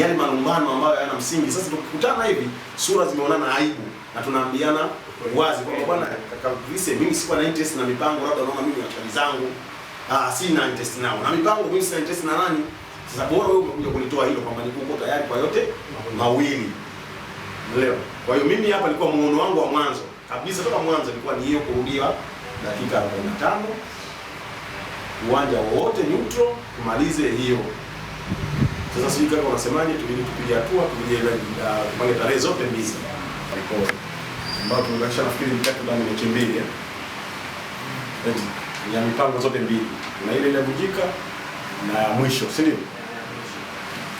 yale malumbano ambayo yana msingi. Sasa tukikutana hivi, sura zimeonana aibu, na tunaambiana wazi kwamba bwana, kakavise, mimi sikuwa na interest na mipango, labda unaona mimi na zangu ah, si na interest nao na mipango, mimi sina interest na nani. Sasa bora wewe umekuja kunitoa hilo kwamba nikuko tayari kwa yote mawili, leo. Kwa hiyo mimi hapa nilikuwa muono wangu wa mwanzo kabisa, toka mwanzo nilikuwa ni hiyo kurudia dakika 45 uwanja wote neutral, tumalize hiyo sasa sijui kama wanasemaje, Tubidi tupige hatua, tupige uh, tupange tarehe zote mbizi mbili ambayo tumebakisha, nafikiri ni takribani wiki mbili eh? yaani, ya mipango zote mbili, na ile iliyovunjika na mwisho, si ndio?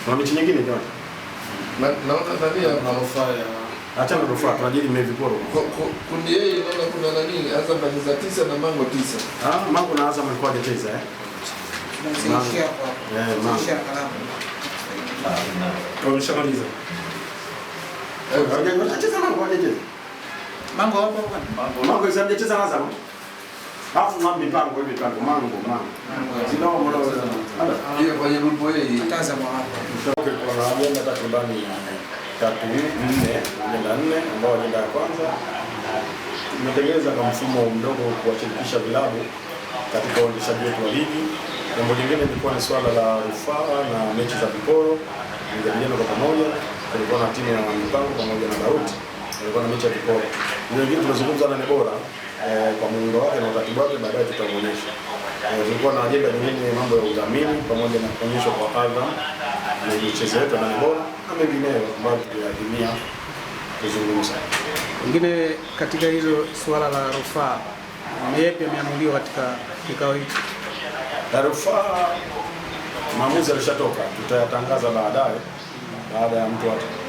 Kuna mechi nyingine nyota, naona nani ya manufaa ya acha na rufaa tunajili mmevikoro kundi yeye, naona kuna nani Azam anacheza tisa na Mango tisa. Ah, Mango na Azam alikuwa hajacheza eh, na sisi Mango eh, Mango Wameshamaliza. Mango hapo bwana. Mango hajacheza na Azam. Hapo na mipango hiyo mipango mango mango. Sio mbona wewe. Hiyo kwenye grupu hii. Tazama hapo. Mtoke kwa agenda takribani tatu nne agenda nne ambao agenda ya kwanza tumetengeneza kwa mfumo mdogo kuwashirikisha vilabu katika uendeshaji wetu wa ligi Jambo lingine lilikuwa ni swala la rufaa na mechi za viporo, nilijadiliana kwa pamoja. Kulikuwa na timu ya mipango pamoja na Dauti, kulikuwa na mechi ya viporo. Ile ingine tumezungumza na Nebora eh, kwa muundo wake na utaratibu wake, baadaye tutamuonyesha. Eh, tulikuwa na ajenda nyingine, mambo ya udhamini pamoja na kuonyeshwa kwa hadha eh, na michezo yetu na Nebora na mengineyo ambayo tuliadhimia kuzungumza. Ingine katika hilo swala la rufaa, ni yapi yameamuliwa katika kikao hicho? ya rufaa, maamuzi yalishatoka, tutayatangaza baadaye, baada ya mtu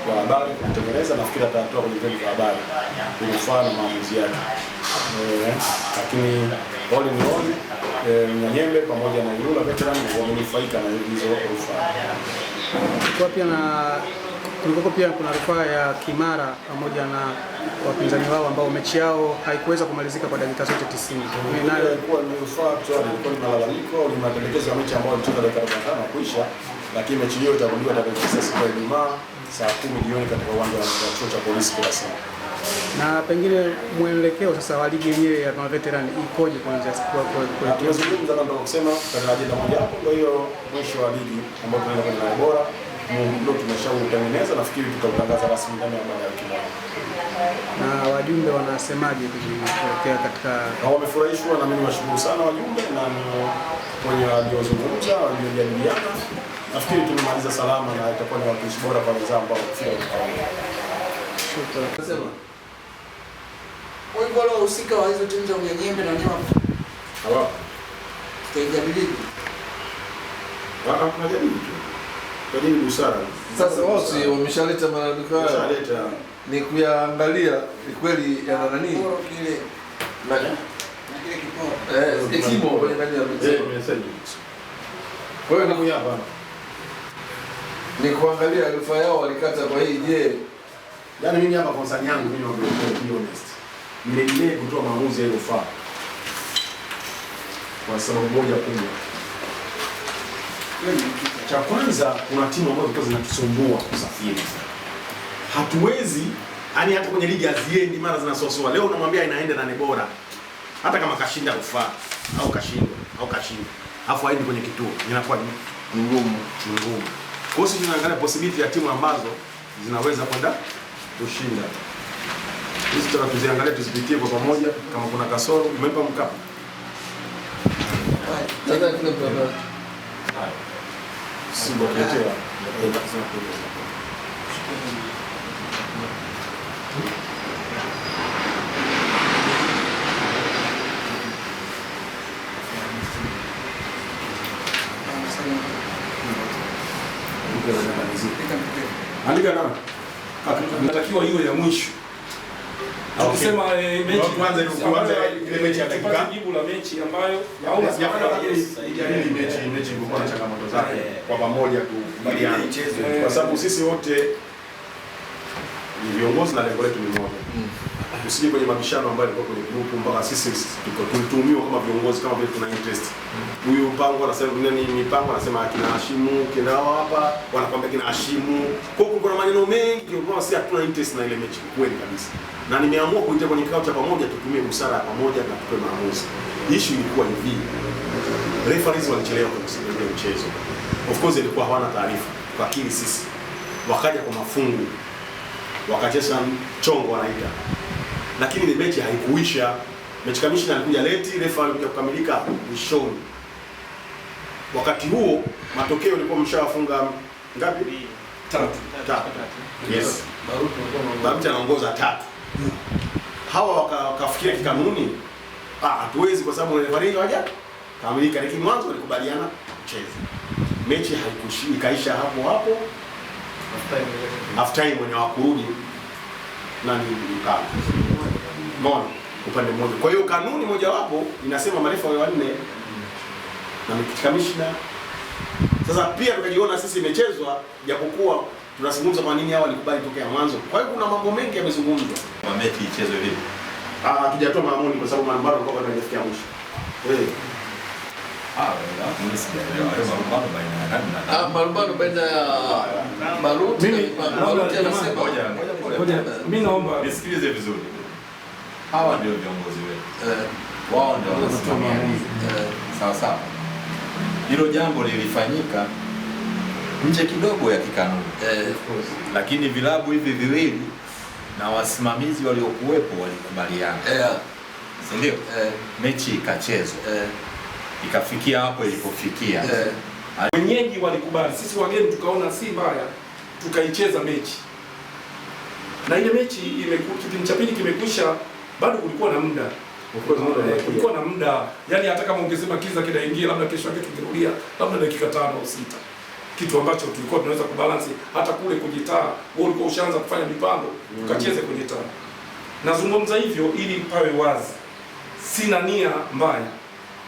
wa habari kutengeneza. Nafikiri atayatoa kwenye vyombo vya habari rufaa na maamuzi yake, eh, lakini all in all Mnyanyembe pamoja na Ilula Veterans wamenufaika na hizo rufaa kulikuwa pia kuna rufaa ya Kimara pamoja na wapinzani wao ambao mechi yao haikuweza kumalizika kwa dakika zote 90. Lakini mechi hiyo itarudiwa dakika 9 siku ya Ijumaa saa 10 jioni katika uwanja wa chuo cha polisi sasa. Na pengine mwelekeo sasa wa ligi yenyewe ya veteran ikoje kuanzia siku ya kwa tumezungumza kama kusema katika ajenda moja hapo, kwa hiyo mwisho wa ligi ambayo tunaenda kwa bora mulo tumeshautengeneza, nafikiri tutautangaza rasmi ndani ya baada ya wiki moja. Na wajumbe wanasemaje kuelekea katika? Wamefurahishwa na mimi niwashukuru sana wajumbe na wenye waliozungumza, waliojadiliana. Nafikiri tumemaliza salama na itakuwa ni wakilishi bora kwa wenzao ambao kufika wahusika wa hizo timu za unyanyembe na wanyama tutajadili kwa nini busara? Sasa wao si wameshaleta malalamiko hayo, wameshaleta ni kuyaangalia, ni kweli yana nani kipo eh, kipo ya eh, Kwa hiyo ni ni kuangalia rufaa yao walikata kwa hii. Je, yaani mimi hapa sani yangu mimi wa honest, nimedelay kutoa maamuzi ya rufaa kwa sababu moja kubwa cha kwanza kuna timu ambazo zilikuwa zinatusumbua kusafiri, hatuwezi yani, hata kwenye ligi haziendi, mara zinasosoa. Leo unamwambia inaenda nane bora, hata kama kashinda rufaa au kashindwa au kashinda, afu aende kwenye kituo, inakuwa ni ngumu ni ngumu. Kwa hiyo tunaangalia possibility ya timu ambazo zinaweza kwenda kushinda hizi, tuziangalie, tuzipitie kwa pamoja, kama kuna kasoro. Umempa mkapa Hai sikuletea andika natakiwa iwe ya mwisho Tukisema ah, eh, jibu la mechi ambayo mechi mechi ilikuwa na changamoto zake ah, eh. kwa pamoja tukubaliana kwa sababu sisi wote ni viongozi na lengo letu ni moja. Mm usije kwenye mabishano ambayo yalikuwa kwenye grupu, mpaka sisi tuko tulitumiwa kama viongozi kama vile tuna interest huyu mpango anasema nini, mipango anasema akina Hashimu kina hapa wanakwambia kina Hashimu, kwa hiyo kuna maneno mengi kwa sisi hatuna interest na ile mechi kweli kabisa, na nimeamua kuita kwenye kikao cha pamoja tutumie busara ya pamoja na tupe maamuzi. Issue ilikuwa hivi, referees walichelewa kwa kusimamia mchezo, of course ilikuwa hawana taarifa, kwa lakini sisi wakaja kwa mafungu wakacheza chongo wanaita lakini ni mechi haikuisha. Mechi kamishna alikuja leti, refa alikuja kukamilika mwishoni. Wakati huo matokeo ilikuwa mshawafunga ngapi? Tatu, Yes, Baruti anaongoza tatu. Hawa wakafikiria kikanuni, ah, hatuwezi kwa sababu refa haja kamilika, lakini mwanzo walikubaliana mchezo. Mechi haikuishi ikaisha hapo hapo half time wenye wakurudi nani mkali Umeona upande mmoja. Kwa hiyo kanuni mojawapo inasema marefa wa wanne na mwenyekiti kamishna. Sasa pia tukajiona sisi imechezwa, japokuwa tunazungumza kwa nini hao walikubali tokea mwanzo. Kwa hiyo kuna mambo mengi yamezungumzwa. Kwa mechi ichezwe vipi? Ah, hatujatoa maamoni kwa sababu marumbano kwa sababu haijafikia mwisho. Ah, wewe marumbano baina ya Baruti, Baruti anasema, mimi naomba nisikilize vizuri hawa ndio viongozi wetu, eh, wao ndio wanasimamia eh, sawa sawa. Hilo jambo lilifanyika nje kidogo ya kikanuni eh, lakini vilabu hivi viwili na wasimamizi waliokuwepo walikubaliana eh, si ndio? Eh, mechi ikachezwa eh, ikafikia hapo ilipofikia eh. walikubali, sisi wageni tukaona si mbaya, tukaicheza mechi na ile mechi imekuwa kipindi cha pili kimekwisha bado kulikuwa na muda kulikuwa na muda, yani, hata kama ungesema kiza kinaingia labda kesho yake tungerudia labda dakika tano au sita, kitu ambacho tulikuwa tunaweza kubalansi. Hata kule kwenye taa wewe ulikuwa ushaanza kufanya mipango, tukacheze mm. kwenye taa. Nazungumza hivyo ili pawe wazi, sina nia mbaya,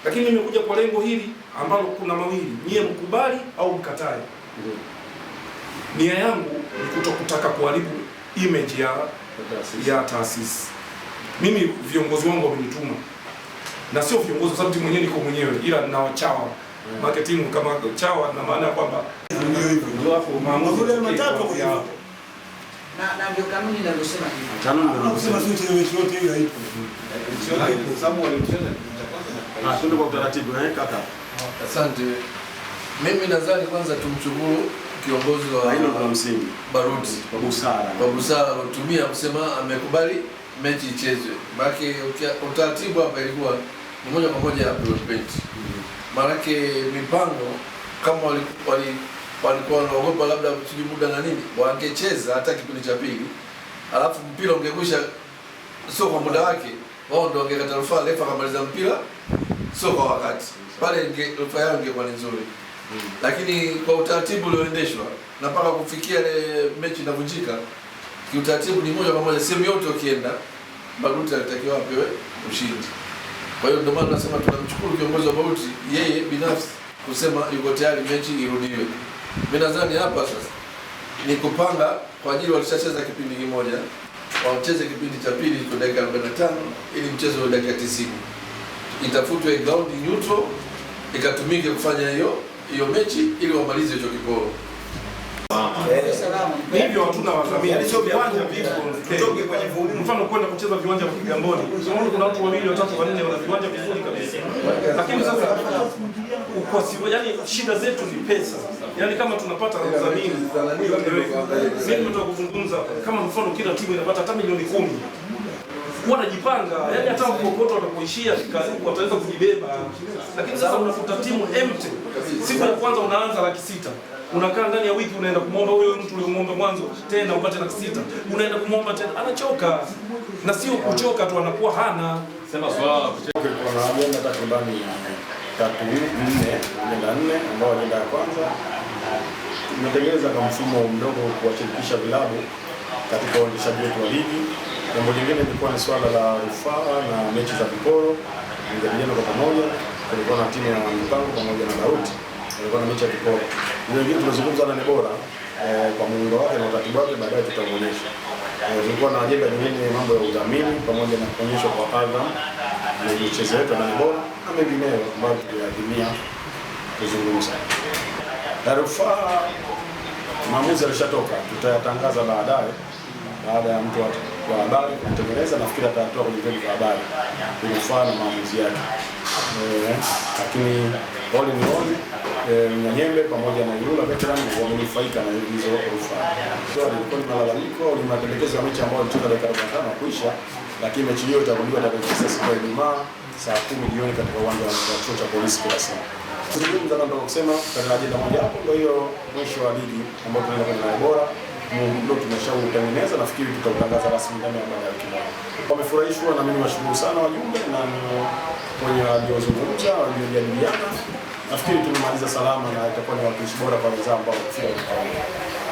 lakini nimekuja kwa lengo hili ambalo kuna mawili, nyie mkubali au mkatae. Mm. Nia yangu ni kutokutaka kuharibu image ya ya taasisi mimi viongozi wangu wamenituma, na sio viongozi, sababu timu mwenyewe niko mwenyewe, ila na wachawa marketing kama chawa, na maana ya kwamba na ndio ah, eh, kaka. Asante. Mimi nadhani kwanza tumshukuru kiongozi wa hilo msingi Baruti kwa busara. Kwa busara kusema amekubali mechi ichezwe. Maanake utaratibu hapa ilikuwa ni moja kwa moja ya development. Maanake mhm. mipango kama walikuwa wanaogopa labda sijui muda na nini, wangecheza hata kipindi cha pili, alafu mpira ungekwisha, sio kwa muda wake, wao ndio wangekata rufaa, refa akamaliza mpira sio kwa wakati, mhm. pale rufaa yao ingekuwa ni nzuri. Mhm. Lakini kwa utaratibu ulioendeshwa na mpaka kufikia ile mechi inavunjika kiutaratibu ni moja kwa moja, sehemu yote ukienda Baruti alitakiwa apewe ushindi. Kwa hiyo ndio maana tunasema tunamshukuru kiongozi wa Baruti yeye binafsi kusema yuko tayari mechi irudiwe. Mimi nadhani hapa sasa ni kupanga kwa ajili walishacheza kipindi kimoja, wacheze kipindi cha pili kwa dakika 45 ili mchezo wa dakika 90. Itafutwe ground neutral ikatumike kufanya hiyo hiyo mechi ili wamalize hicho kiporo hivyo hatuna wadhamini, yaani viwanja vipo, kwenye vumbi. mfano kwenda kucheza viwanja vya Kigamboni, kuna watu wawili watatu wanne wana viwanja vizuri kabisa, lakini sasa ukosi, yani shida zetu ni pesa, yani kama tunapata wadhamini. Yaani Mimi nimetoka kuzungumza kama mfano, kila timu inapata hata milioni kumi wanajipanga yani, hata kokoto watakuishia wataweza kujibeba, lakini sasa unakuta timu empty. Siku ya kwanza unaanza laki sita unakaa ndani ya wiki unaenda kumwomba huyo mtu uliomwomba mwanzo tena upate laki sita, unaenda kumwomba tena, anachoka na sio kuchoka tu, anakuwa hana sema swala takribani tatu nne ajenda nne ambayo ajenda ya kwanza tumetengeneza kwa mfumo mdogo kuwashirikisha vilabu katika uendeshaji wetu wa ligi. Jambo jingine lilikuwa ni swala la rufaa na mechi za viporo, ilijadiliana kwa pamoja. Kulikuwa na timu ya mipango pamoja na Dauti, kulikuwa na mechi ya viporo wengine tumezungumza nane bora eh, kwa muundo wake na utaratibu wake, baadaye tutaonyesha. Eh, tulikuwa na ajenda nyingine, mambo ya udhamini pamoja na kuonyeshwa kwa kadha na michezo yetu na Nebora na mengineyo ambayo tuliadhimia kuzungumza. Rufaa maamuzi yalishatoka, tutayatangaza baadaye baada ya mtu wa habari kutengeneza, nafikiri atatoa kwenye vyombo vya habari rufaa na maamuzi yake, eh, lakini oli ni oli Eh, Mnyanyembe pamoja na Ilula Veteran wamenufaika na hizo rufaa. Ilikuwa ni malalamiko, ni mapendekezo ya mechi ambayo ilicheza dakika 45 kuisha, lakini mechi hiyo itarudiwa tarehe 9 siku ya Ijumaa saa 10 jioni katika uwanja wa chuo cha polisi Kurasini. Kuzungumza ndio kusema katika ajenda moja hapo, ndio hiyo mwisho wa ligi ambayo tunaenda kwa bora Mungu tumeshautengeneza, nafikiri tutautangaza rasmi ndani ya baada ya wiki moja. Wamefurahishwa na mimi niwashukuru sana wajumbe na wenye waliozungumza, waliojadiliana. Nafikiri tumemaliza salama na itakuwa ni wakilishi bora kwa wenzao ambao wamefika.